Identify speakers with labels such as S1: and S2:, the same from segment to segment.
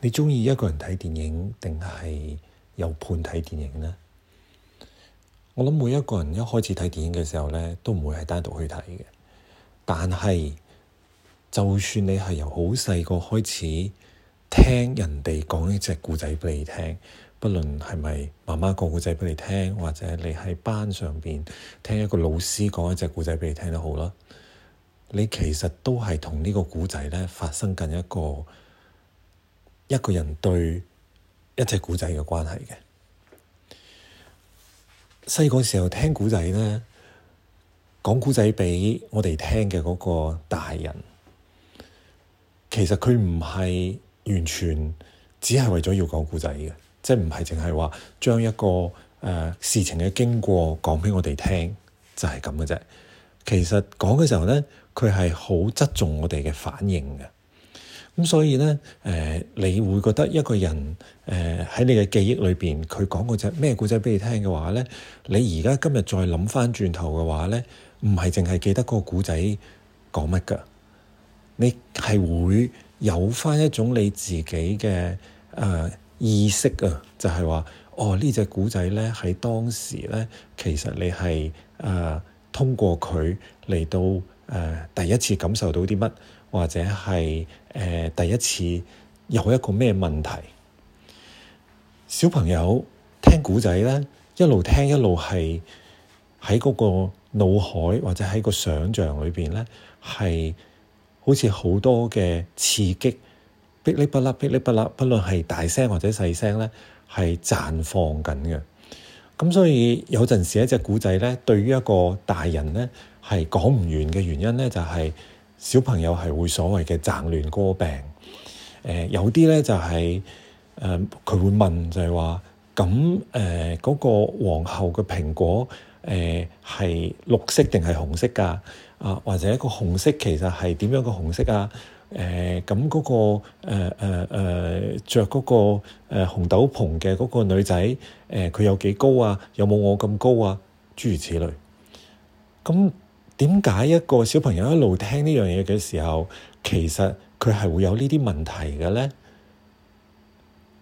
S1: 你鍾意一個人睇電影，定係有伴睇電影呢？我諗每一個人一開始睇電影嘅時候呢，都唔會係單獨去睇嘅。但係，就算你係由好細個開始聽人哋講一隻故仔畀你聽，不論係咪媽媽講故仔畀你聽，或者你喺班上邊聽一個老師講一隻故仔畀你聽都好啦。你其實都係同呢個故仔呢發生緊一個。一個人對一隻古仔嘅關係嘅，細個時候聽古仔咧，講古仔畀我哋聽嘅嗰個大人，其實佢唔係完全只係為咗要講古仔嘅，即係唔係淨係話將一個誒、呃、事情嘅經過講畀我哋聽就係咁嘅啫。其實講嘅時候咧，佢係好側重我哋嘅反應嘅。咁所以呢，誒，你會覺得一個人，誒，喺你嘅記憶裏邊，佢講過隻咩故仔畀你聽嘅話咧，你而家今日再諗翻轉頭嘅話咧，唔係淨係記得嗰個故仔講乜㗎，你係會有翻一種你自己嘅誒，意識啊，就係話，哦，呢隻故仔咧喺當時咧，其實你係誒，通過佢嚟到誒，第一次感受到啲乜。或者係誒、呃、第一次有一個咩問題？小朋友聽古仔咧，一路聽一路係喺嗰個腦海或者喺個想象裏面呢像裏邊咧，係好似好多嘅刺激，噼哩啪啦、噼哩啪啦，不論係大聲或者細聲咧，係綻放緊嘅。咁所以有陣時一隻古仔咧，對於一個大人咧係講唔完嘅原因咧，就係、是。小朋友係會所謂嘅雜亂歌病，誒、呃、有啲咧就係誒佢會問就係話，咁誒嗰個皇后嘅蘋果誒係、呃、綠色定係紅色㗎？啊、呃、或者一個紅色其實係點樣嘅紅色啊？誒咁嗰個誒誒誒著嗰個誒紅斗篷嘅嗰個女仔誒佢有幾高啊？有冇我咁高啊？諸如此類，咁。點解一個小朋友一路聽呢樣嘢嘅時候，其實佢係會有呢啲問題嘅咧？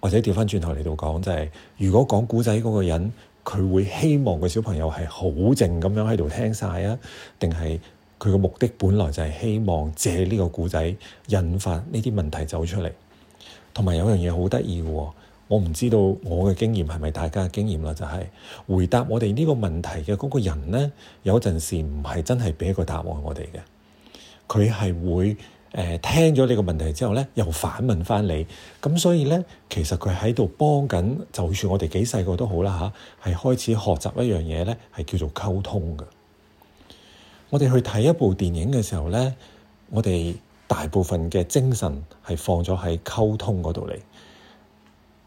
S1: 或者調翻轉頭嚟度講，就係如果講古仔嗰個人，佢會希望個小朋友係好靜咁樣喺度聽晒啊？定係佢嘅目的本來就係希望借呢個古仔引發呢啲問題走出嚟？同埋有樣嘢好得意嘅喎。我唔知道我嘅經驗係咪大家嘅經驗啦，就係、是、回答我哋呢個問題嘅嗰個人呢，有陣時唔係真係畀一個答案我哋嘅，佢係會誒、呃、聽咗呢個問題之後呢，又反問翻你，咁所以呢，其實佢喺度幫緊，就算我哋幾細個都好啦吓，係、啊、開始學習一樣嘢呢，係叫做溝通嘅。我哋去睇一部電影嘅時候呢，我哋大部分嘅精神係放咗喺溝通嗰度嚟。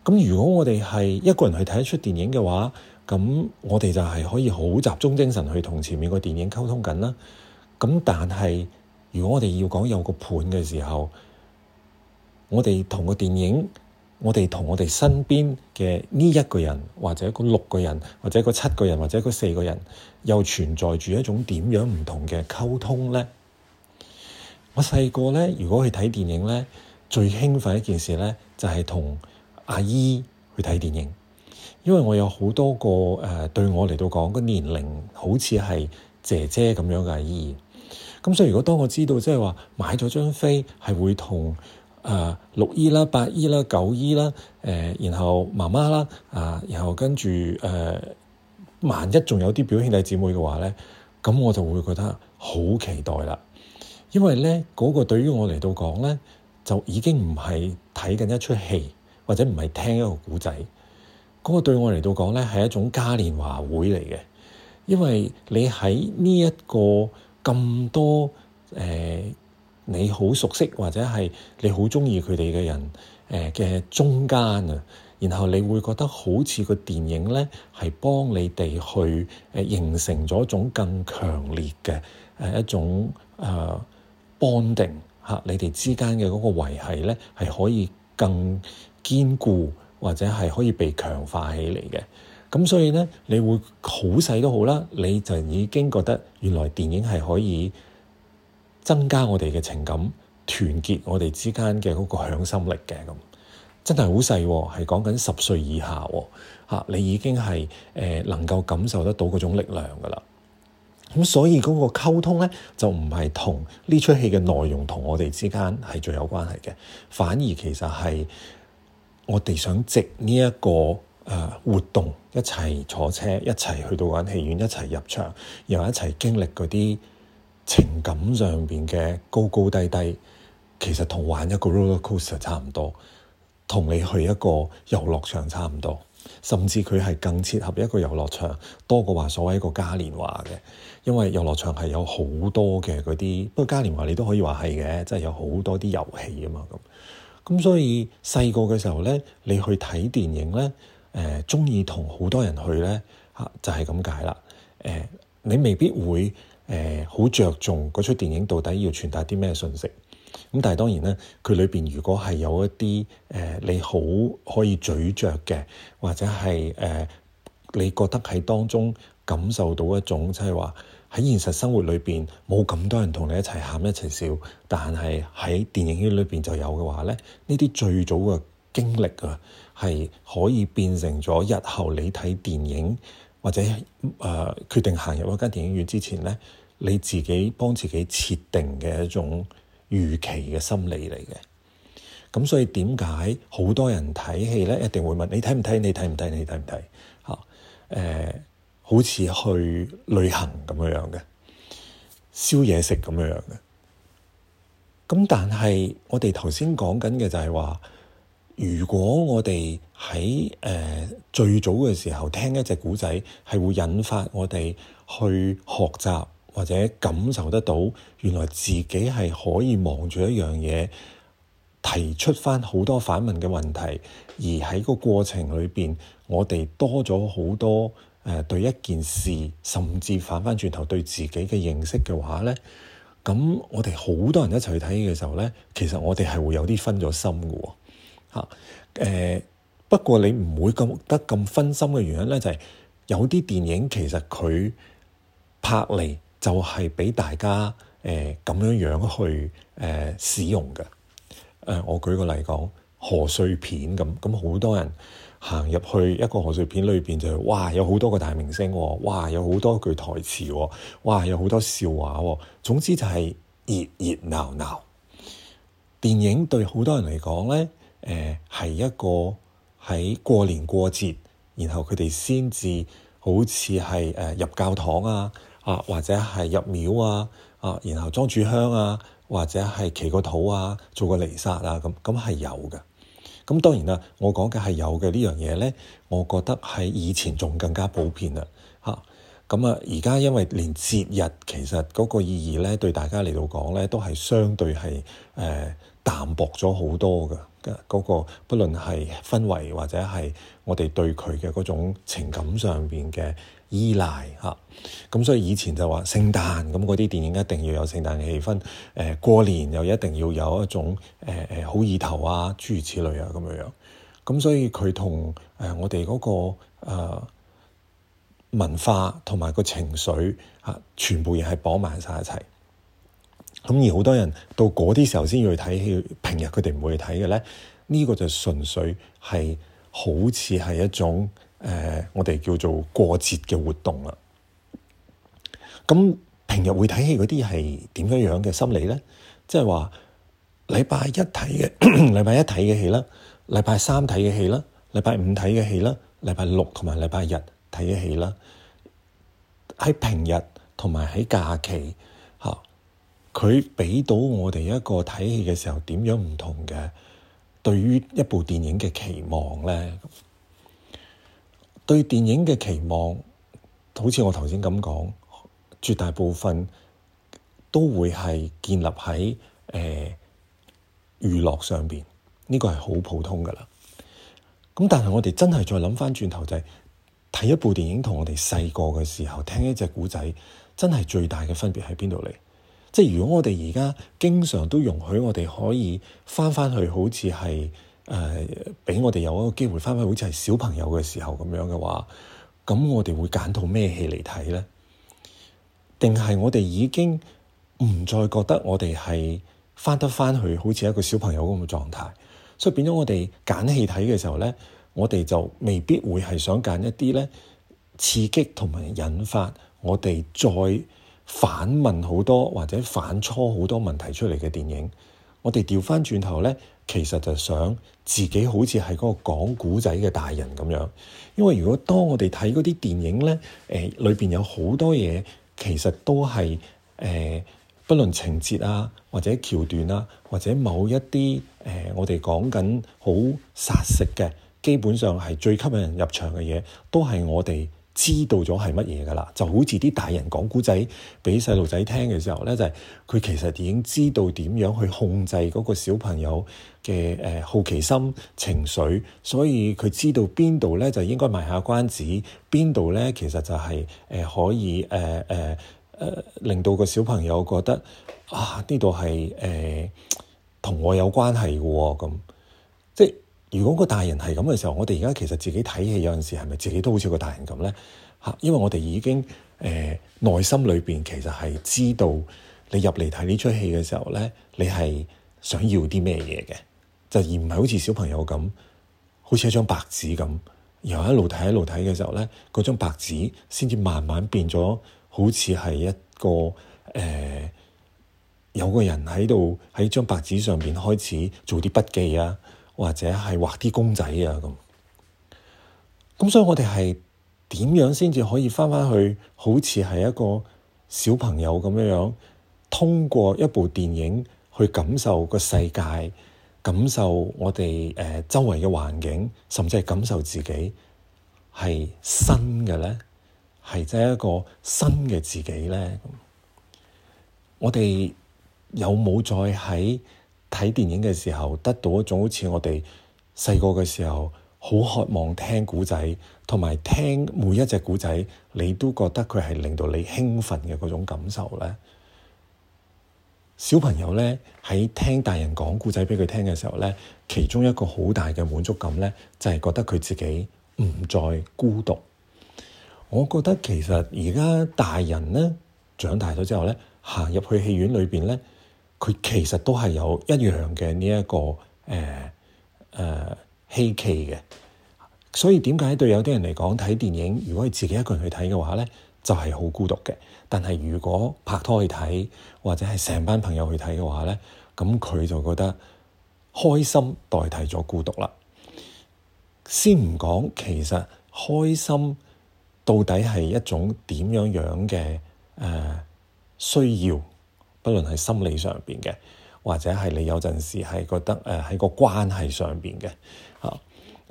S1: 咁如果我哋係一個人去睇一出電影嘅話，咁我哋就係可以好集中精神去同前面個電影溝通緊啦。咁但係如果我哋要講有個伴嘅時候，我哋同個電影，我哋同我哋身邊嘅呢一個人，或者嗰六個人，或者嗰七個人，或者嗰四個人，又存在住一種點樣唔同嘅溝通咧？我細個咧，如果去睇電影咧，最興奮一件事咧，就係同阿姨去睇電影，因為我有好多個誒、呃、對我嚟到講個年齡好似係姐姐咁樣嘅阿姨。咁所以如果當我知道即係話買咗張飛係會同誒、呃、六姨啦、八姨啦、九姨啦誒、呃，然後媽媽啦啊、呃，然後跟住誒、呃、萬一仲有啲表兄弟姊妹嘅話咧，咁我就會覺得好期待啦，因為咧嗰、嗰個對於我嚟到講咧就已經唔係睇緊一出戲。或者唔係聽一個古仔，嗰個對我嚟到講咧係一種嘉年華會嚟嘅，因為你喺呢一個咁多誒、呃、你好熟悉或者係你好中意佢哋嘅人誒嘅、呃、中間啊，然後你會覺得好似個電影咧係幫你哋去誒形成咗一種更強烈嘅誒、呃、一種誒、呃、bonding、啊、你哋之間嘅嗰個維繫咧係可以更堅固或者係可以被強化起嚟嘅咁，所以呢，你會好細都好啦，你就已經覺得原來電影係可以增加我哋嘅情感，團結我哋之間嘅嗰個向心力嘅咁，真係好細，係講緊十歲以下嚇、啊啊，你已經係誒、呃、能夠感受得到嗰種力量㗎喇。咁所以嗰個溝通呢，就唔係同呢出戲嘅內容同我哋之間係最有關係嘅，反而其實係。我哋想藉呢一個誒活動，一齊坐車，一齊去到玩戲院，一齊入場，又一齊經歷嗰啲情感上邊嘅高高低低，其實同玩一個 roller coaster 差唔多，同你去一個遊樂場差唔多，甚至佢係更切合一個遊樂場多過話所謂一個嘉年華嘅，因為遊樂場係有好多嘅嗰啲，不過嘉年華你都可以話係嘅，即係有好多啲遊戲啊嘛咁。咁所以細個嘅時候咧，你去睇電影咧，誒鍾意同好多人去咧，吓就係咁解啦。誒、呃、你未必會誒好着重嗰出電影到底要傳達啲咩信息。咁但係當然咧，佢裏邊如果係有一啲誒、呃、你好可以咀嚼嘅，或者係誒、呃、你覺得喺當中，感受到一種即係話喺現實生活裏邊冇咁多人同你一齊喊一齊笑，但係喺電影院裏邊就有嘅話咧，呢啲最早嘅經歷啊，係可以變成咗日後你睇電影或者誒、呃、決定行入一間電影院之前呢，你自己幫自己設定嘅一種預期嘅心理嚟嘅。咁所以點解好多人睇戲咧，一定會問你睇唔睇？你睇唔睇？你睇唔睇？嚇誒？好似去旅行咁樣嘅，燒嘢食咁樣嘅。咁但係我哋頭先講緊嘅就係話，如果我哋喺誒最早嘅時候聽一隻古仔，係會引發我哋去學習或者感受得到，原來自己係可以望住一樣嘢提出翻好多反問嘅問題，而喺個過程裏邊，我哋多咗好多。誒對一件事，甚至反翻轉頭對自己嘅認識嘅話咧，咁我哋好多人一齊去睇嘅時候咧，其實我哋係會有啲分咗心嘅喎。嚇、啊呃，不過你唔會咁得咁分心嘅原因咧，就係、是、有啲電影其實佢拍嚟就係、是、畀大家誒咁樣樣去誒、呃、使用嘅。誒、呃、我舉個例講賀歲片咁，咁好多人。行入去一個賀歲片裏邊就係，哇！有好多個大明星，哇！有好多句台詞，哇！有好多笑話，總之就係熱熱鬧鬧。電影對好多人嚟講咧，誒、呃、係一個喺過年過節，然後佢哋先至好似係誒入教堂啊，啊或者係入廟啊，啊然後裝住香啊，或者係祈個禱啊，做個彌撒啊咁，咁係有嘅。咁當然啦，我講嘅係有嘅呢樣嘢咧，我覺得喺以前仲更加普遍啦，嚇。咁啊，而家因為連節日其實嗰個意義咧，對大家嚟到講咧，都係相對係誒、呃、淡薄咗好多嘅。嗰、嗰個，不論係氛圍或者係我哋對佢嘅嗰種情感上邊嘅。依賴咁、啊、所以以前就話聖誕咁嗰啲電影一定要有聖誕氣氛，誒、呃、過年又一定要有一種誒誒、呃呃、好意頭啊，諸如此類啊咁樣咁、啊、所以佢同誒我哋嗰、嗰個誒、呃、文化同埋個情緒嚇、啊，全部嘢係綁埋晒一齊。咁、啊、而好多人到嗰啲時候先要去睇戲，平日佢哋唔會去睇嘅咧。呢、呢個就純粹係好似係一種。誒、呃，我哋叫做過節嘅活動啦、啊。咁平日會睇戲嗰啲係點樣樣嘅心理咧？即係話禮拜一睇嘅，禮拜一睇嘅 戲啦，禮拜三睇嘅戲啦，禮拜五睇嘅戲啦，禮拜六同埋禮拜日睇嘅戲啦。喺平日同埋喺假期嚇，佢、啊、畀到我哋一個睇戲嘅時候點樣唔同嘅？對於一部電影嘅期望咧？對電影嘅期望，好似我頭先咁講，絕大部分都會係建立喺誒娛樂上面，呢、這個係好普通㗎喇。咁但係我哋真係再諗返轉頭、就是，就係睇一部電影同我哋細個嘅時候聽一隻古仔，真係最大嘅分別喺邊度嚟？即如果我哋而家經常都容許我哋可以返返去，好似係。誒俾、呃、我哋有一個機會翻去，好似係小朋友嘅時候咁樣嘅話，咁我哋會揀套咩戲嚟睇咧？定係我哋已經唔再覺得我哋係翻得翻去好似一個小朋友咁嘅狀態，所以變咗我哋揀戲睇嘅時候咧，我哋就未必會係想揀一啲咧刺激同埋引發我哋再反問好多或者反錯好多問題出嚟嘅電影。我哋調翻轉頭咧，其實就想。自己好似係嗰個講古仔嘅大人咁樣，因為如果當我哋睇嗰啲電影咧，誒裏邊有好多嘢，其實都係誒、呃，不論情節啊，或者橋段啊，或者某一啲誒、呃，我哋講緊好殺食嘅，基本上係最吸引人入場嘅嘢，都係我哋知道咗係乜嘢噶啦，就好似啲大人講古仔畀細路仔聽嘅時候咧，就係、是、佢其實已經知道點樣去控制嗰個小朋友嘅誒、呃、好奇心情緒，所以佢知道邊度咧就應該賣下關子，邊度咧其實就係、是、誒、呃、可以誒誒誒令到個小朋友覺得啊呢度係誒同我有關係嘅喎咁。如果個大人係咁嘅時候，我哋而家其實自己睇戲有陣時係咪自己都好似個大人咁咧嚇？因為我哋已經誒、呃、內心裏邊其實係知道你入嚟睇呢出戲嘅時候咧，你係想要啲咩嘢嘅，就而唔係好似小朋友咁，好似一張白紙咁，然後一路睇一路睇嘅時候咧，嗰張白紙先至慢慢變咗，好似係一個誒、呃、有個人喺度喺張白紙上邊開始做啲筆記啊。或者係畫啲公仔啊咁，咁所以我哋係點樣先至可以翻返去好似係一個小朋友咁樣樣，通過一部電影去感受個世界，感受我哋誒、呃、周圍嘅環境，甚至係感受自己係新嘅咧，係即係一個新嘅自己咧。我哋有冇再喺？睇電影嘅時候，得到一種好似我哋細個嘅時候，好渴望聽故仔，同埋聽每一隻故仔，你都覺得佢係令到你興奮嘅嗰種感受咧。小朋友咧喺聽大人講故仔畀佢聽嘅時候咧，其中一個好大嘅滿足感咧，就係覺得佢自己唔再孤獨。我覺得其實而家大人咧長大咗之後咧，行入去戲院裏邊咧。佢其實都係有一樣嘅呢一個誒誒、呃呃、希冀嘅，所以點解對有啲人嚟講睇電影，如果係自己一個人去睇嘅話咧，就係、是、好孤獨嘅。但係如果拍拖去睇，或者係成班朋友去睇嘅話咧，咁佢就覺得開心代替咗孤獨啦。先唔講，其實開心到底係一種點樣樣嘅誒需要？無論係心理上邊嘅，或者係你有陣時係覺得誒喺、呃、個關係上邊嘅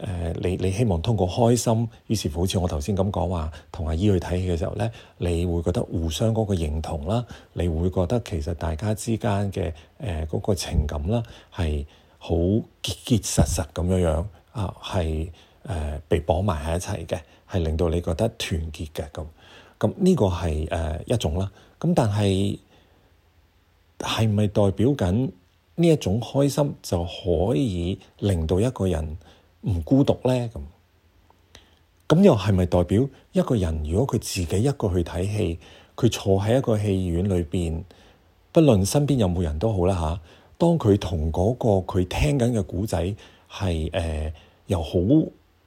S1: 誒，你你希望通過開心，於是乎好，好似我頭先咁講話，同阿姨去睇戲嘅時候咧，你會覺得互相嗰個認同啦，你會覺得其實大家之間嘅誒嗰個情感啦，係好結結實實咁樣樣啊，係、呃、誒、呃、被綁埋喺一齊嘅，係令到你覺得團結嘅咁，咁呢個係誒、呃、一種啦，咁但係。係咪代表緊呢一種開心就可以令到一個人唔孤獨咧？咁又係咪代表一個人如果佢自己一個去睇戲，佢坐喺一個戲院裏邊，不論身邊有冇人都好啦嚇、啊。當佢同嗰個佢聽緊嘅古仔係誒由好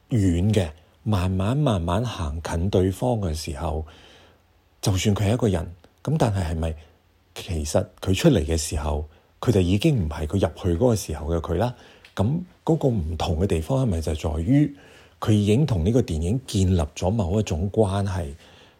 S1: 遠嘅慢慢慢慢行近對方嘅時候，就算佢係一個人，咁但係係咪？其實佢出嚟嘅時候，佢就已經唔係佢入去嗰個時候嘅佢啦。咁嗰個唔同嘅地方係咪就係在於佢已經同呢個電影建立咗某一種關係？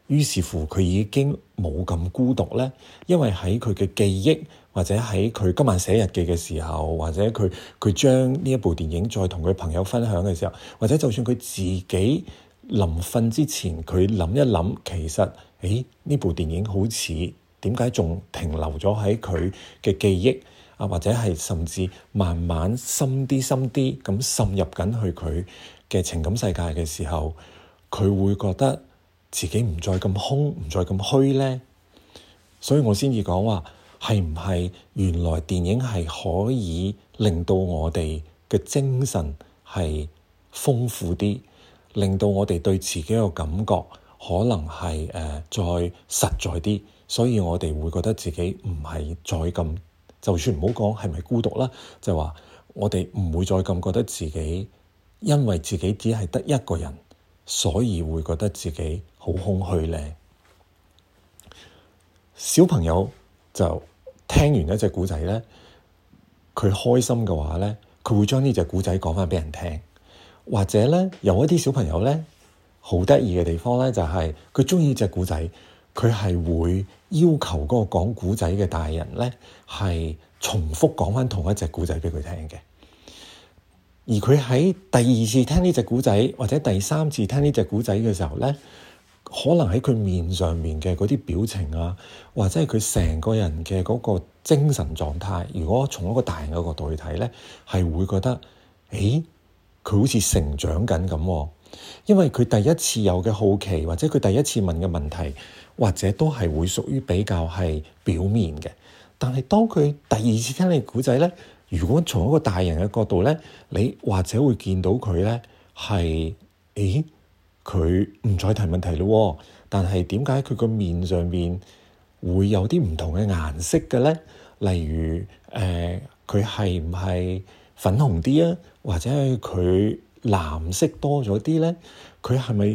S1: 於是乎佢已經冇咁孤獨咧，因為喺佢嘅記憶，或者喺佢今晚寫日記嘅時候，或者佢佢將呢一部電影再同佢朋友分享嘅時候，或者就算佢自己臨瞓之前佢諗一諗，其實誒呢、欸、部電影好似～點解仲停留咗喺佢嘅記憶啊？或者係甚至慢慢深啲、深啲咁滲入緊去佢嘅情感世界嘅時候，佢會覺得自己唔再咁空，唔再咁虛咧。所以我先至講話係唔係原來電影係可以令到我哋嘅精神係豐富啲，令到我哋對自己嘅感覺可能係誒、呃、再實在啲。所以我哋會覺得自己唔係再咁，就算唔好講係咪孤獨啦，就話我哋唔會再咁覺得自己，因為自己只係得一個人，所以會覺得自己好空虛咧。小朋友就聽完一隻古仔咧，佢開心嘅話咧，佢會將呢隻古仔講翻畀人聽，或者咧有一啲小朋友咧，好得意嘅地方咧就係佢鍾意隻古仔。佢係會要求嗰個講古仔嘅大人咧，係重複講返同一隻古仔畀佢聽嘅。而佢喺第二次聽呢隻古仔，或者第三次聽呢隻古仔嘅時候咧，可能喺佢面上面嘅嗰啲表情啊，或者係佢成個人嘅嗰個精神狀態，如果從一個大人嘅角度去睇咧，係會覺得誒佢好似成長緊咁喎。因為佢第一次有嘅好奇，或者佢第一次問嘅問題。或者都係會屬於比較係表面嘅，但係當佢第二次聽你古仔咧，如果從一個大人嘅角度咧，你或者會見到佢咧係，誒，佢唔再提問題咯喎。但係點解佢個面上面會有啲唔同嘅顏色嘅咧？例如誒，佢係唔係粉紅啲啊？或者係佢藍色多咗啲咧？佢係咪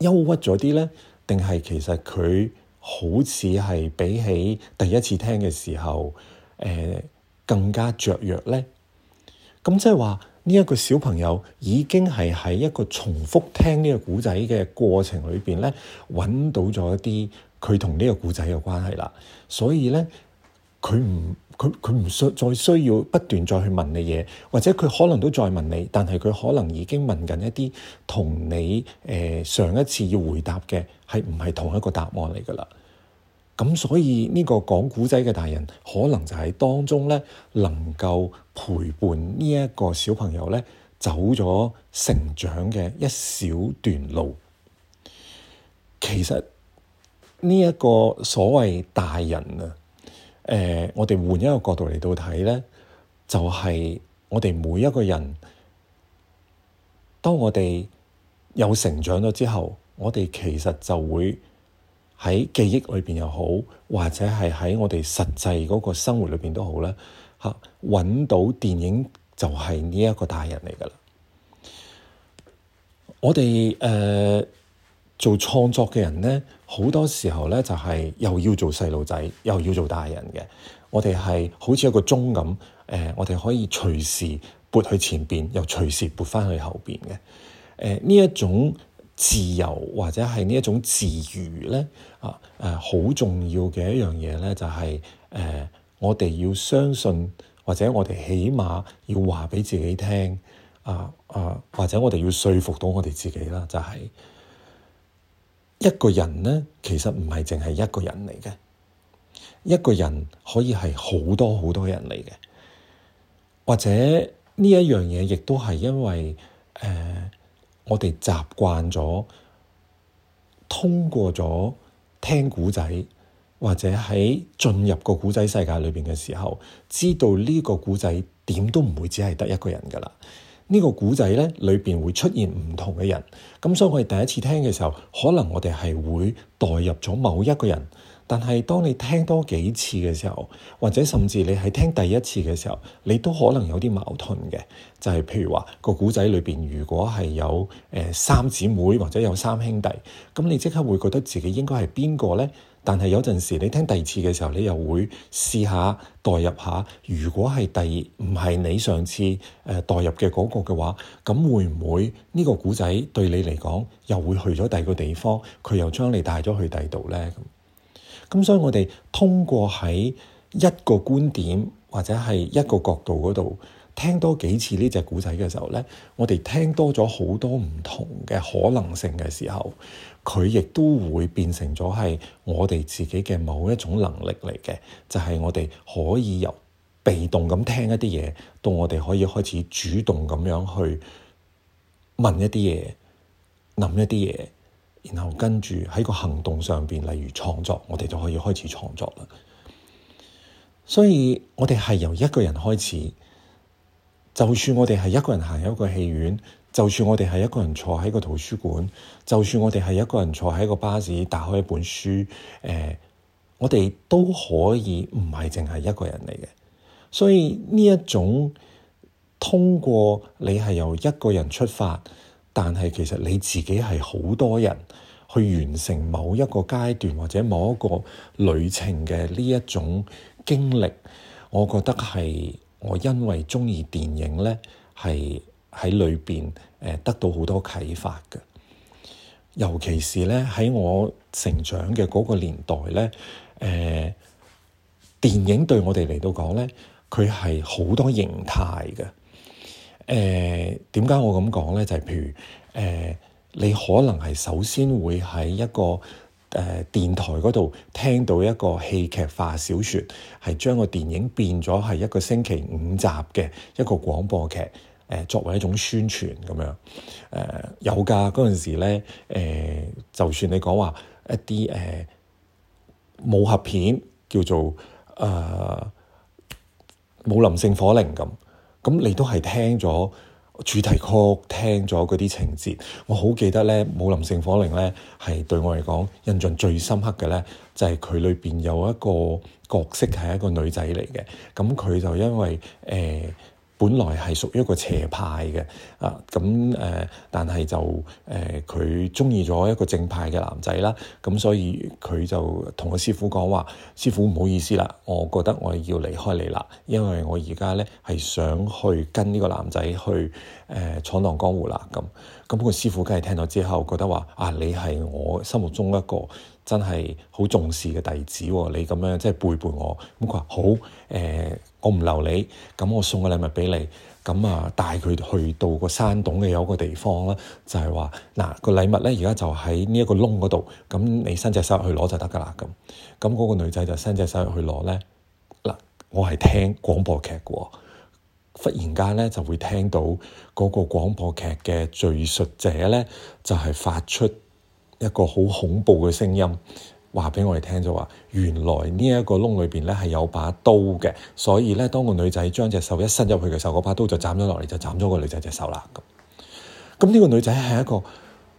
S1: 憂鬱咗啲咧？定係其實佢好似係比起第一次聽嘅時候，誒、呃、更加雀約雀躍咧。咁即係話呢一個小朋友已經係喺一個重複聽呢個故仔嘅過程裏邊咧，揾到咗一啲佢同呢個故仔嘅關係啦。所以咧，佢唔佢唔需再需要不斷再去問你嘢，或者佢可能都再問你，但係佢可能已經問緊一啲同你誒、呃、上一次要回答嘅係唔係同一個答案嚟㗎喇。咁所以呢個講古仔嘅大人，可能就係當中咧能夠陪伴呢一個小朋友咧走咗成長嘅一小段路。其實呢一個所謂大人啊～誒、呃，我哋換一個角度嚟到睇咧，就係、是、我哋每一個人，當我哋有成長咗之後，我哋其實就會喺記憶裏邊又好，或者係喺我哋實際嗰個生活裏邊都好啦，嚇揾到電影就係呢一個大人嚟㗎喇。我哋誒、呃、做創作嘅人咧。好多時候呢，就係、是、又要做細路仔，又要做大人嘅。我哋係好似一個鐘咁，誒、呃，我哋可以隨時撥去前邊，又隨時撥返去後邊嘅。誒、呃，呢一種自由或者係呢一種自娛呢，啊，誒、啊，好重要嘅一樣嘢呢，就係、是、誒、呃，我哋要相信，或者我哋起碼要話畀自己聽，啊啊，或者我哋要說服到我哋自己啦，就係、是。一個人呢，其實唔係淨係一個人嚟嘅。一個人可以係好多好多人嚟嘅，或者呢一樣嘢亦都係因為誒、呃，我哋習慣咗通過咗聽古仔，或者喺進入個古仔世界裏邊嘅時候，知道呢個古仔點都唔會只係得一個人㗎喇。呢個古仔咧，裏邊會出現唔同嘅人，咁所以我哋第一次聽嘅時候，可能我哋係會代入咗某一個人。但係當你聽多幾次嘅時候，或者甚至你係聽第一次嘅時候，你都可能有啲矛盾嘅，就係、是、譬如話個古仔裏邊如果係有誒、呃、三姊妹或者有三兄弟，咁你即刻會覺得自己應該係邊個咧？但係有陣時，你聽第二次嘅時候，你又會試下代入下。如果係第二，唔係你上次誒、呃、代入嘅嗰個嘅話，咁會唔會呢個古仔對你嚟講又會去咗第二個地方？佢又將你帶咗去第二度咧？咁咁，所以我哋通過喺一個觀點或者係一個角度嗰度。聽多幾次呢隻故仔嘅時候呢，我哋聽多咗好多唔同嘅可能性嘅時候，佢亦都會變成咗係我哋自己嘅某一種能力嚟嘅，就係我哋可以由被動咁聽一啲嘢，到我哋可以開始主動咁樣去問一啲嘢，諗一啲嘢，然後跟住喺個行動上邊，例如創作，我哋就可以開始創作啦。所以我哋係由一個人開始。就算我哋係一個人行入一個戲院，就算我哋係一個人坐喺個圖書館，就算我哋係一個人坐喺個巴士打開一本書，誒、欸，我哋都可以唔係淨係一個人嚟嘅。所以呢一種通過你係由一個人出發，但係其實你自己係好多人去完成某一個階段或者某一個旅程嘅呢一種經歷，我覺得係。我因為鍾意電影咧，係喺裏邊誒得到好多啟發嘅，尤其是咧喺我成長嘅嗰個年代咧誒、呃，電影對我哋嚟到講咧，佢係好多形態嘅誒。點、呃、解我咁講咧？就係、是、譬如誒、呃，你可能係首先會喺一個。誒、呃、電台嗰度聽到一個戲劇化小說，係將個電影變咗係一個星期五集嘅一個廣播劇，誒、呃、作為一種宣傳咁樣，誒、呃、有㗎嗰陣時咧，誒、呃、就算你講話一啲誒、呃、武俠片叫做誒、呃、武林聖火靈咁，咁你都係聽咗。主題曲聽咗嗰啲情節，我好記得咧，《武林聖火令》呢咧係對我嚟講印象最深刻嘅咧，就係佢裏邊有一個角色係一個女仔嚟嘅。咁、嗯、佢就因為誒。呃本來係屬於一個邪派嘅、啊，啊咁誒，但係就誒佢中意咗一個正派嘅男仔啦，咁、嗯、所以佢就同個師傅講話：師傅唔好意思啦，我覺得我要離開你啦，因為我而家咧係想去跟呢個男仔去誒、呃、闖蕩江湖啦。咁咁個師傅梗係聽咗之後，覺得話：啊，你係我心目中一個真係好重視嘅弟子、哦，你咁樣即係背叛我。咁佢話好誒。呃我唔留你，咁我送個禮物俾你，咁啊帶佢去到個山洞嘅有一個地方啦，就係話，嗱個禮物呢，而家就喺呢一個窿嗰度，咁你伸隻手去攞就得噶啦咁，咁嗰個女仔就伸隻手去攞呢，嗱我係聽廣播劇嘅，忽然間呢就會聽到嗰個廣播劇嘅敘述者呢，就係發出一個好恐怖嘅聲音。話畀我哋聽就話，原來呢一個窿裏邊咧係有把刀嘅，所以咧當個女仔將隻手一伸入去嘅時候，嗰把刀就斬咗落嚟，就斬咗個女仔隻手啦。咁咁呢個女仔係一個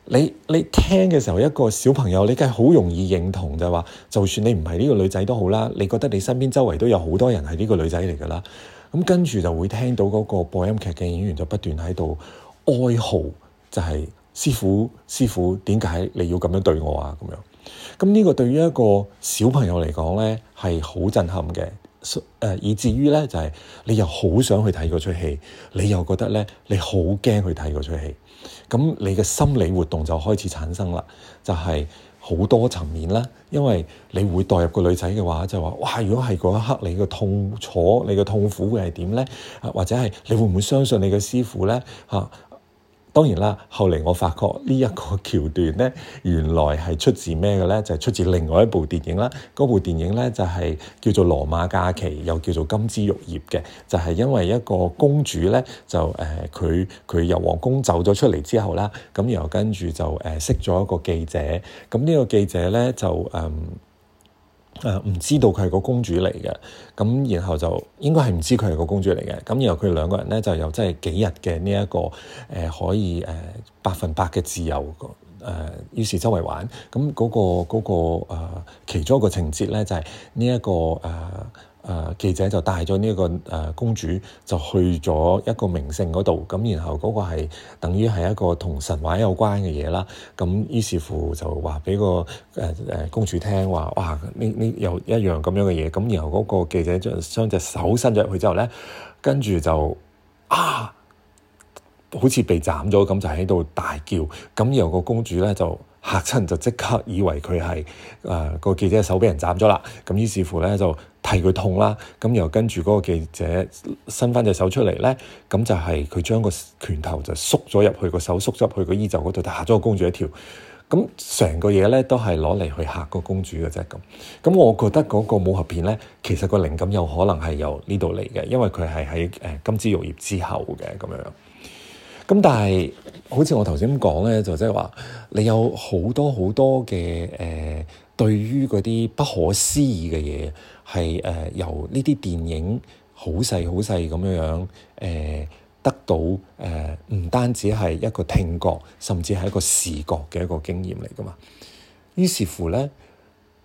S1: 你你聽嘅時候，一個小朋友你梗係好容易認同就話，就算你唔係呢個女仔都好啦，你覺得你身邊周圍都有好多人係呢個女仔嚟噶啦。咁跟住就會聽到嗰個播音劇嘅演員就不斷喺度哀嚎，就係、是、師傅師傅點解你要咁樣對我啊？咁樣。咁呢個對於一個小朋友嚟講呢，係好震撼嘅，誒，以至於呢，就係你又好想去睇嗰出戲，你又覺得呢，你好驚去睇嗰出戲，咁你嘅心理活動就開始產生啦，就係好多層面啦，因為你會代入個女仔嘅話，就話哇，如果係嗰一刻你嘅痛楚、你嘅痛苦會係點呢？或者係你會唔會相信你嘅師傅呢？」啊！當然啦，後嚟我發覺呢一個橋段呢，原來係出自咩嘅呢？就係出自另外一部電影啦。嗰部電影呢，就係叫做《羅馬假期》，又叫做《金枝玉葉》嘅。就係因為一個公主呢，就誒佢佢由皇宮走咗出嚟之後啦，咁然後跟住就誒、呃、識咗一個記者。咁呢個記者呢，就誒。呃誒唔知道佢係個公主嚟嘅，咁然後就應該係唔知佢係個公主嚟嘅，咁然後佢哋兩個人咧就有真係幾日嘅呢一個誒、呃、可以誒百分百嘅自由誒、呃，於是周圍玩，咁嗰、嗰個嗰、嗰個呃、其中一個情節咧就係呢一個誒。呃誒、呃、記者就帶咗呢、這個誒、呃、公主就去咗一個名勝嗰度，咁然後嗰個係等於係一個同神話有關嘅嘢啦。咁於是乎就話畀、那個誒誒、呃呃、公主聽話，哇！呢呢又一樣咁樣嘅嘢。咁然後嗰個記者將將隻手伸咗入去之後咧，跟住就啊，好似被斬咗咁，就喺度大叫。咁然後個公主咧就嚇親，就即刻以為佢係誒個記者嘅手畀人斬咗啦。咁於是乎咧就。替佢痛啦，咁又跟住嗰個記者伸翻隻手出嚟咧，咁就係佢將個拳頭就縮咗入去，個手縮咗入去個衣袖嗰度，嚇咗個公主一跳。咁成個嘢咧都係攞嚟去嚇個公主嘅啫咁。咁我覺得嗰個武俠片咧，其實個靈感有可能係由呢度嚟嘅，因為佢係喺誒金枝玉葉之後嘅咁樣。咁但係好似我頭先講咧，就即係話你有好多好多嘅誒。呃對於嗰啲不可思議嘅嘢，係誒、呃、由呢啲電影好細好細咁樣樣、呃、得到誒，唔、呃、單止係一個聽覺，甚至係一個視覺嘅一個經驗嚟㗎嘛。於是乎咧，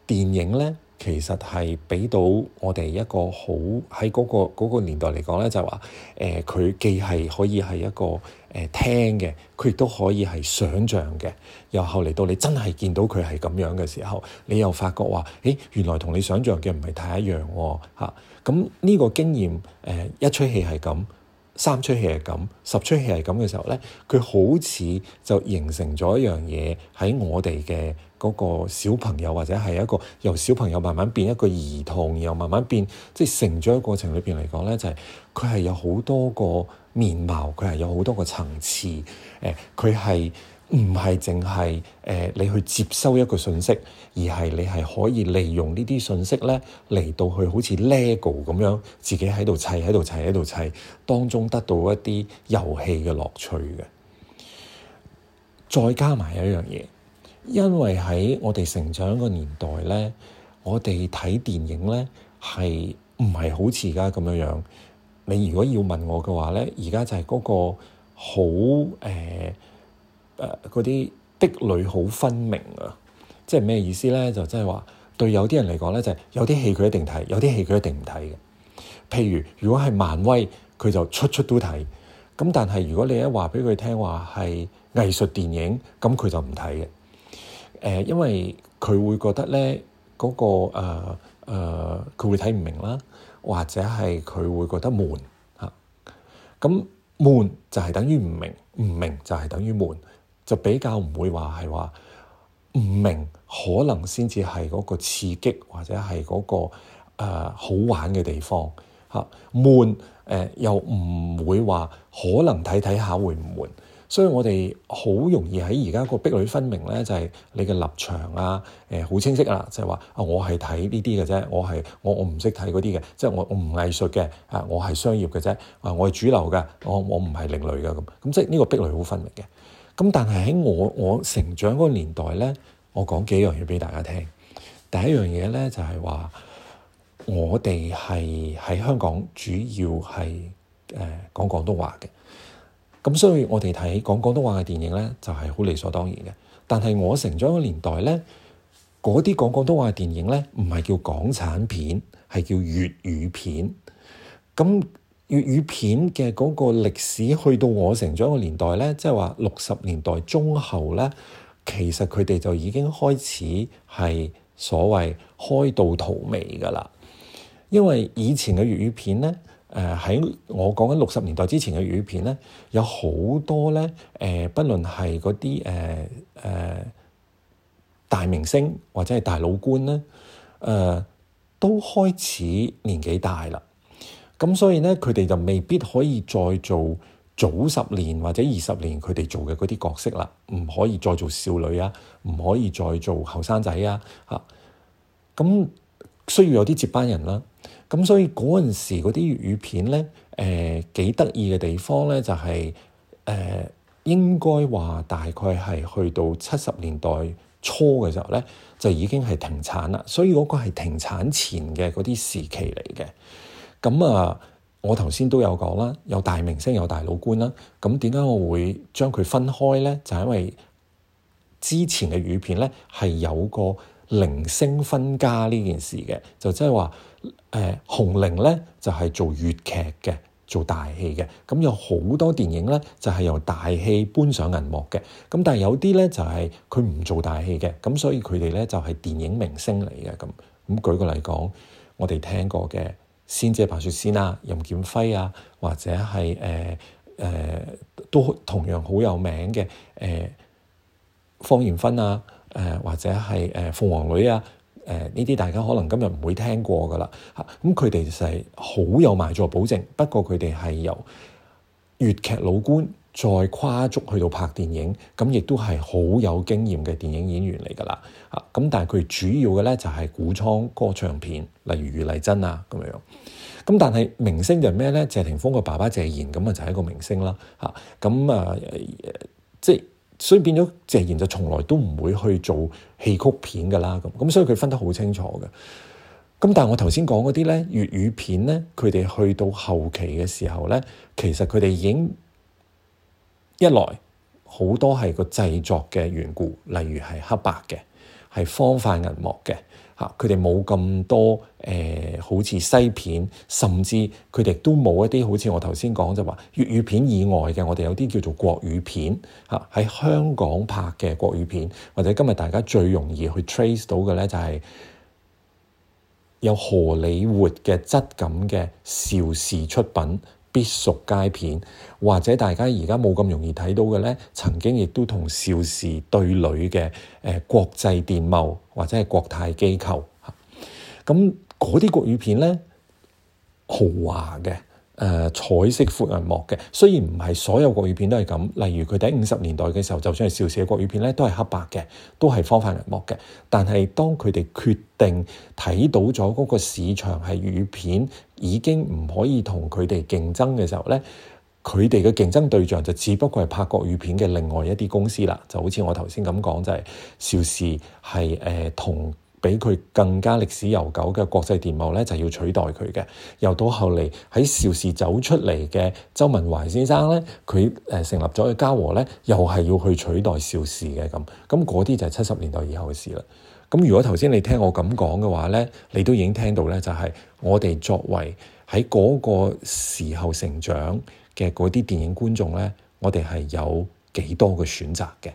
S1: 電影咧其實係畀到我哋一個好喺嗰個嗰個年代嚟講咧，就係話誒，佢、呃、既係可以係一個。誒聽嘅，佢亦都可以係想像嘅。又後嚟到你真係見到佢係咁樣嘅時候，你又發覺話，誒、欸、原來同你想像嘅唔係太一樣喎、哦。嚇、啊，咁呢個經驗誒、呃、一出戲係咁，三出戲係咁，十出戲係咁嘅時候咧，佢好似就形成咗一樣嘢喺我哋嘅嗰個小朋友，或者係一個由小朋友慢慢變一個兒童，又慢慢變即係、就是、成長嘅過程裏邊嚟講咧，就係佢係有好多個。面貌，佢係有好多個層次。誒，佢係唔係淨係誒，你去接收一個信息，而係你係可以利用呢啲信息咧，嚟到去好似 Lego 咁樣，自己喺度砌喺度砌喺度砌，當中得到一啲遊戲嘅樂趣嘅。再加埋一樣嘢，因為喺我哋成長個年代咧，我哋睇電影咧係唔係好似而家咁樣樣？你如果要問我嘅話呢，而家就係嗰個好誒誒嗰啲壁壘好分明啊！即係咩意思呢？就即係話對有啲人嚟講呢就係、是、有啲戲佢一定睇，有啲戲佢一定唔睇嘅。譬如如果係漫威，佢就出出都睇。咁但係如果你一話畀佢聽話係藝術電影，咁佢就唔睇嘅。誒、呃，因為佢會覺得咧，嗰、那個誒誒，佢、呃呃、會睇唔明啦。或者係佢會覺得悶，咁悶就係等於唔明，唔明就係等於悶，就比較唔會話係話唔明，可能先至係嗰個刺激或者係嗰、那個誒、呃、好玩嘅地方嚇，悶誒、呃、又唔會話可能睇睇下會唔悶。所以我哋好容易喺而家個壁壘分明咧，就係、是、你嘅立場啊，誒、呃、好清晰噶、啊、啦，就係、是、話啊，我係睇呢啲嘅啫，我係我我唔識睇嗰啲嘅，即、就、係、是、我我唔藝術嘅啊，我係商業嘅啫，啊我係主流嘅，我我唔係另類嘅咁，咁即係呢個壁壘好分明嘅。咁但係喺我我成長嗰年代咧，我講幾樣嘢俾大家聽。第一樣嘢咧就係、是、話，我哋係喺香港主要係誒、呃、講廣東話嘅。咁所以我哋睇講廣東話嘅電影咧，就係好理所當然嘅。但係我成長嘅年代咧，嗰啲講廣東話嘅電影咧，唔係叫港產片，係叫粵語片。咁粵語片嘅嗰個歷史，去到我成長嘅年代咧，即係話六十年代中後咧，其實佢哋就已經開始係所謂開到荼蘼噶啦。因為以前嘅粵語片咧。誒喺、呃、我講緊六十年代之前嘅粵語片咧，有好多咧，誒、呃，不論係嗰啲誒誒大明星或者係大老倌咧，誒、呃、都開始年紀大啦。咁所以咧，佢哋就未必可以再做早十年或者二十年佢哋做嘅嗰啲角色啦，唔可以再做少女啊，唔可以再做後生仔啊，嚇、啊！咁需要有啲接班人啦、啊。咁所以嗰陣時嗰啲粵語片咧，誒幾得意嘅地方咧，就係、是、誒、呃、應該話大概係去到七十年代初嘅時候咧，就已經係停產啦。所以嗰個係停產前嘅嗰啲時期嚟嘅。咁啊，我頭先都有講啦，有大明星有大老官啦。咁點解我會將佢分開咧？就係、是、因為之前嘅粵語片咧係有個零星分家呢件事嘅，就即係話，誒紅伶咧就係、是、做粵劇嘅，做大戲嘅，咁有好多電影咧就係、是、由大戲搬上銀幕嘅，咁但係有啲咧就係佢唔做大戲嘅，咁所以佢哋咧就係、是、電影明星嚟嘅咁。咁舉個例嚟講，我哋聽過嘅仙姐白雪仙啊、任劍輝啊，或者係誒誒都同樣好有名嘅誒、呃、芳艷芬啊。誒、呃、或者係誒、呃、鳳凰女啊，誒呢啲大家可能今日唔會聽過噶啦，咁佢哋就係好有賣座保證。不過佢哋係由粵劇老倌再跨足去到拍電影，咁亦都係好有經驗嘅電影演員嚟噶啦。啊，咁、嗯、但係佢主要嘅咧就係、是、古裝歌唱片，例如余麗珍啊咁樣。咁、嗯、但係明星就係咩咧？謝霆鋒嘅爸爸謝賢咁啊就係一個明星啦。嚇、啊，咁啊，啊，啊即係。所以變咗謝賢就從來都唔會去做戲曲片㗎啦，咁所以佢分得好清楚嘅。咁但係我頭先講嗰啲咧粵語片咧，佢哋去到後期嘅時候咧，其實佢哋已經一來好多係個製作嘅緣故，例如係黑白嘅，係方塊銀幕嘅。嚇！佢哋冇咁多誒、呃，好似西片，甚至佢哋都冇一啲好似我頭先講就話粵語片以外嘅，我哋有啲叫做國語片嚇，喺、啊、香港拍嘅國語片，或者今日大家最容易去 trace 到嘅咧，就係、是、有荷里活嘅質感嘅邵氏出品。必屬佳片，或者大家而家冇咁容易睇到嘅咧，曾經亦都同邵氏對壘嘅誒、國際電懋或者係國泰機構，咁嗰啲國語片咧，豪華嘅。誒、呃、彩色闊銀幕嘅，雖然唔係所有國語片都係咁，例如佢哋喺五十年代嘅時候，就算係邵氏嘅國語片咧，都係黑白嘅，都係方塊銀幕嘅。但係當佢哋決定睇到咗嗰個市場係粵語片已經唔可以同佢哋競爭嘅時候咧，佢哋嘅競爭對象就只不過係拍國語片嘅另外一啲公司啦。就好似我頭先咁講，就係、是、邵氏係誒同。呃俾佢更加歷史悠久嘅國際電懋呢，就是、要取代佢嘅。又到後嚟喺邵氏走出嚟嘅周文懷先生呢，佢誒成立咗嘅嘉禾呢，又係要去取代邵氏嘅咁。咁嗰啲就係七十年代以後嘅事啦。咁如果頭先你聽我咁講嘅話呢，你都已經聽到呢，就係我哋作為喺嗰個時候成長嘅嗰啲電影觀眾呢，我哋係有幾多嘅選擇嘅。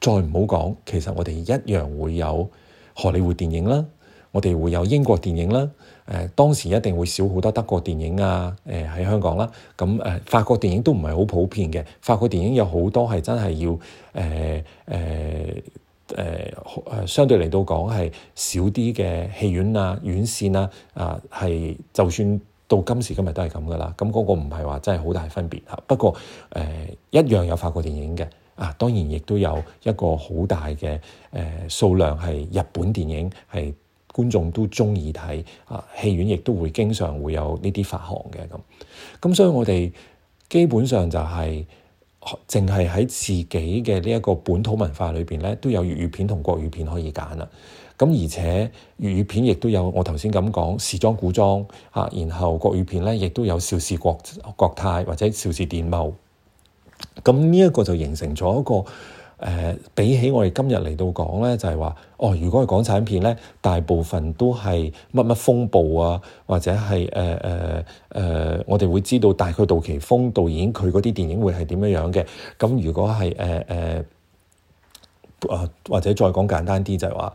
S1: 再唔好講，其實我哋一樣會有。荷里活電影啦，我哋會有英國電影啦，誒、呃、當時一定會少好多德國電影啊，誒、呃、喺香港啦、啊，咁、呃、誒法國電影都唔係好普遍嘅，法國電影有好多係真係要誒誒誒誒相對嚟到講係少啲嘅戲院啊、院線啊，啊、呃、係就算到今時今日都係咁噶啦，咁嗰個唔係話真係好大分別嚇，不過誒、呃、一樣有法國電影嘅。啊，當然亦都有一個好大嘅誒數量係日本電影係觀眾都鍾意睇啊，戲院亦都會經常會有呢啲發行嘅咁。啊、所以我哋基本上就係淨係喺自己嘅呢一個本土文化裏邊咧，都有粵語片同國語片可以揀啦。咁、啊、而且粵語片亦都有我頭先咁講時裝古裝嚇、啊，然後國語片咧亦都有邵氏國國泰或者邵氏電懋。咁呢一個就形成咗一個誒、呃，比起我哋今日嚟到講咧，就係、是、話哦，如果係港產片咧，大部分都係乜乜風暴啊，或者係誒誒誒，我哋會知道大概杜琪峯導演佢嗰啲電影會係點樣樣嘅。咁、嗯、如果係誒誒啊，或者再講簡單啲就係話。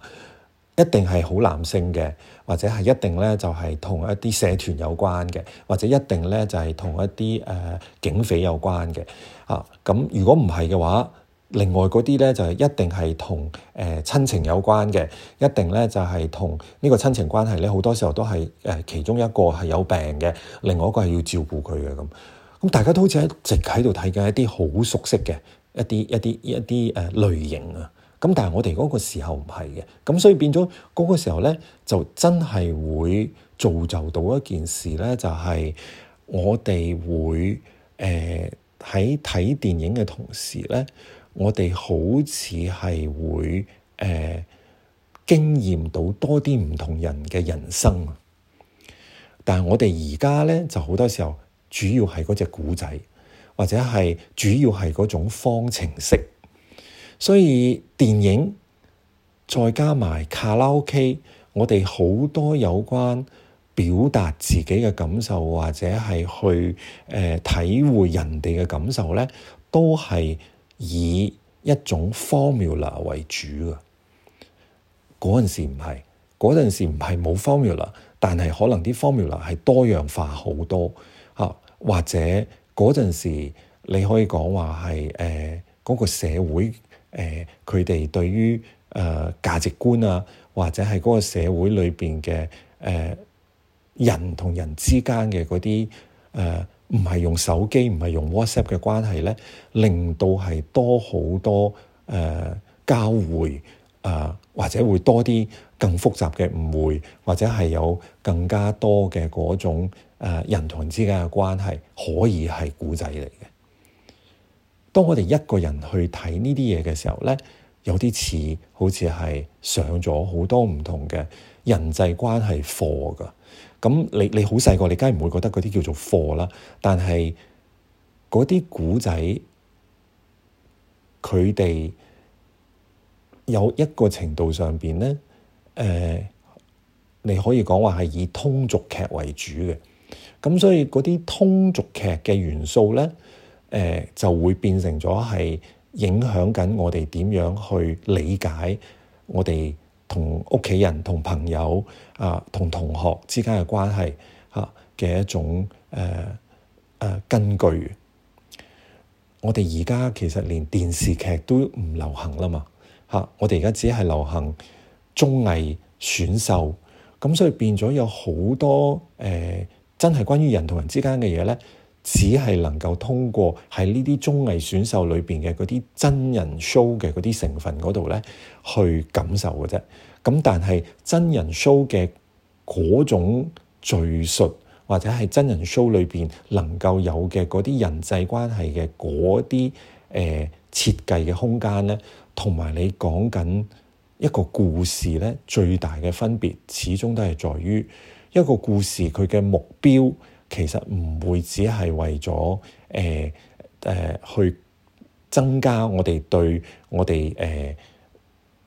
S1: 一定係好男性嘅，或者係一定咧就係、是、同一啲社團有關嘅，或者一定咧就係、是、同一啲誒、呃、警匪有關嘅啊。咁如果唔係嘅話，另外嗰啲咧就係一定係同誒親情有關嘅，一定咧就係同呢個親情關係咧，好多時候都係誒、呃、其中一個係有病嘅，另外一個係要照顧佢嘅。咁。咁、嗯、大家都好似一直喺度睇緊一啲好熟悉嘅一啲一啲一啲誒、呃、類型啊。咁但係我哋嗰個時候唔係嘅，咁所以變咗嗰個時候呢，就真係會造就到一件事呢，就係、是、我哋會誒喺睇電影嘅同時呢，我哋好似係會誒、呃、經驗到多啲唔同人嘅人生啊！但係我哋而家呢，就好多時候，主要係嗰隻古仔，或者係主要係嗰種方程式。所以電影再加埋卡拉 OK，我哋好多有關表達自己嘅感受，或者係去誒、呃、體會人哋嘅感受咧，都係以一種 formula 為主嘅。嗰陣時唔係，嗰陣時唔係冇 formula，但係可能啲 formula 係多樣化好多嚇、啊，或者嗰陣時你可以講話係誒嗰個社會。誒佢哋對於誒、呃、價值觀啊，或者係嗰個社會裏邊嘅誒人同人之間嘅嗰啲誒，唔、呃、係用手機，唔係用 WhatsApp 嘅關係咧，令到係多好多誒、呃、交匯啊、呃，或者會多啲更複雜嘅誤會，或者係有更加多嘅嗰種誒、呃、人同人之間嘅關係，可以係古仔嚟嘅。當我哋一個人去睇呢啲嘢嘅時候咧，有啲似好似係上咗好多唔同嘅人際關係課㗎。咁你你好細個，你梗係唔會覺得嗰啲叫做課啦。但係嗰啲古仔，佢哋有一個程度上面咧，誒、呃，你可以講話係以通俗劇為主嘅。咁所以嗰啲通俗劇嘅元素咧。誒就會變成咗係影響緊我哋點樣去理解我哋同屋企人、同朋友啊、同同學之間嘅關係嚇嘅一種誒誒、啊啊、根據。我哋而家其實連電視劇都唔流行啦嘛嚇、啊，我哋而家只係流行綜藝選秀，咁所以變咗有好多誒、啊、真係關於人同人之間嘅嘢咧。只係能夠通過喺呢啲綜藝選秀裏邊嘅嗰啲真人 show 嘅嗰啲成分嗰度咧，去感受嘅啫。咁但係真人 show 嘅嗰種敘述，或者係真人 show 裏邊能夠有嘅嗰啲人際關係嘅嗰啲誒設計嘅空間咧，同埋你講緊一個故事咧，最大嘅分別始終都係在於一個故事佢嘅目標。其實唔會只係為咗誒誒去增加我哋對我哋誒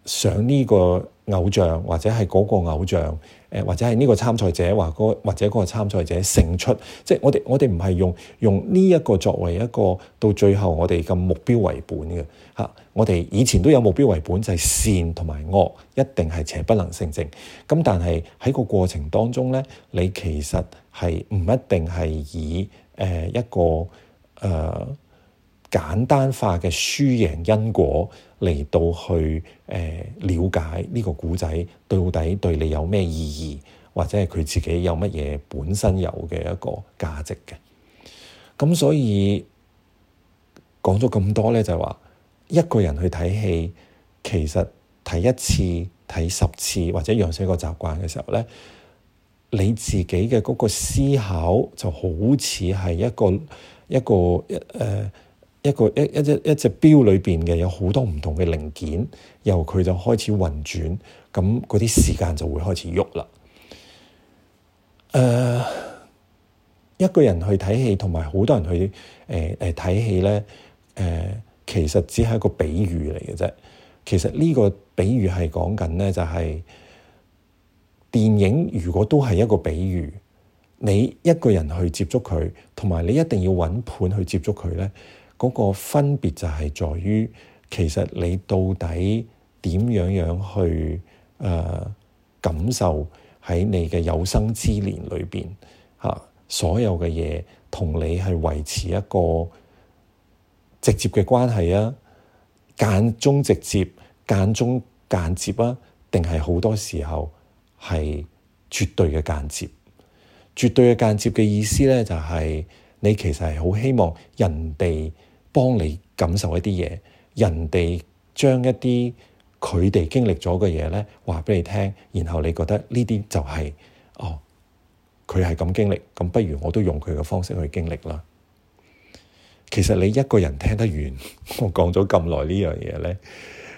S1: 想呢個偶像，或者係嗰個偶像誒、呃，或者係呢個參賽者或或者嗰個參賽者勝出，即係我哋我哋唔係用用呢一個作為一個到最後我哋嘅目標為本嘅嚇、啊。我哋以前都有目標為本，就係、是、善同埋惡一定係邪不能勝正。咁但係喺個過程當中咧，你其實。係唔一定係以誒、呃、一個誒、呃、簡單化嘅輸贏因果嚟到去誒了解呢個古仔到底對你有咩意義，或者係佢自己有乜嘢本身有嘅一個價值嘅。咁所以講咗咁多咧，就係、係、話一個人去睇戲，其實睇一次、睇十次，或者養成一個習慣嘅時候咧。你自己嘅嗰個思考就好似係一個一個一誒、呃、一個一一一一隻錶裏邊嘅有好多唔同嘅零件，由佢就開始運轉，咁嗰啲時間就會開始喐啦。誒、呃，一個人去睇戲同埋好多人去誒誒睇戲咧，誒、呃呃、其實只係一個比喻嚟嘅啫。其實呢個比喻係講緊咧就係。電影如果都係一個比喻，你一個人去接觸佢，同埋你一定要揾伴去接觸佢咧，嗰、那個分別就係在於，其實你到底點樣樣去誒、呃、感受喺你嘅有生之年裏邊吓所有嘅嘢同你係維持一個直接嘅關係啊，間中直接間中間接啊，定係好多時候？係絕對嘅間接，絕對嘅間接嘅意思咧，就係你其實係好希望人哋幫你感受一啲嘢，人哋將一啲佢哋經歷咗嘅嘢咧話畀你聽，然後你覺得呢啲就係哦，佢係咁經歷，咁不如我都用佢嘅方式去經歷啦。其實你一個人聽得完，我講咗咁耐呢樣嘢咧，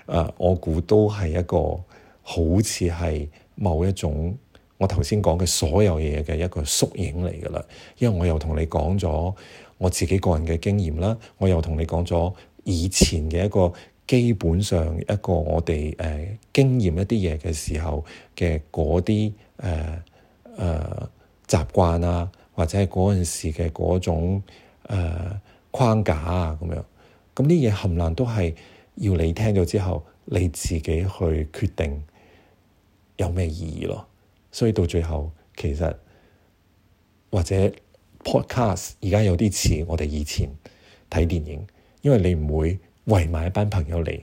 S1: 啊，我估都係一個好似係。某一種，我頭先講嘅所有嘢嘅一個縮影嚟㗎啦。因為我又同你講咗我自己個人嘅經驗啦，我又同你講咗以前嘅一個基本上一個我哋誒、呃、經驗一啲嘢嘅時候嘅嗰啲誒誒習慣啊，或者係嗰陣時嘅嗰種誒、呃、框架啊，咁樣。咁啲嘢冚唪唥都係要你聽咗之後，你自己去決定。有咩意義咯？所以到最後，其實或者 podcast 而家有啲似我哋以前睇電影，因為你唔會圍埋一班朋友嚟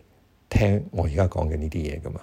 S1: 聽我而家講嘅呢啲嘢噶嘛。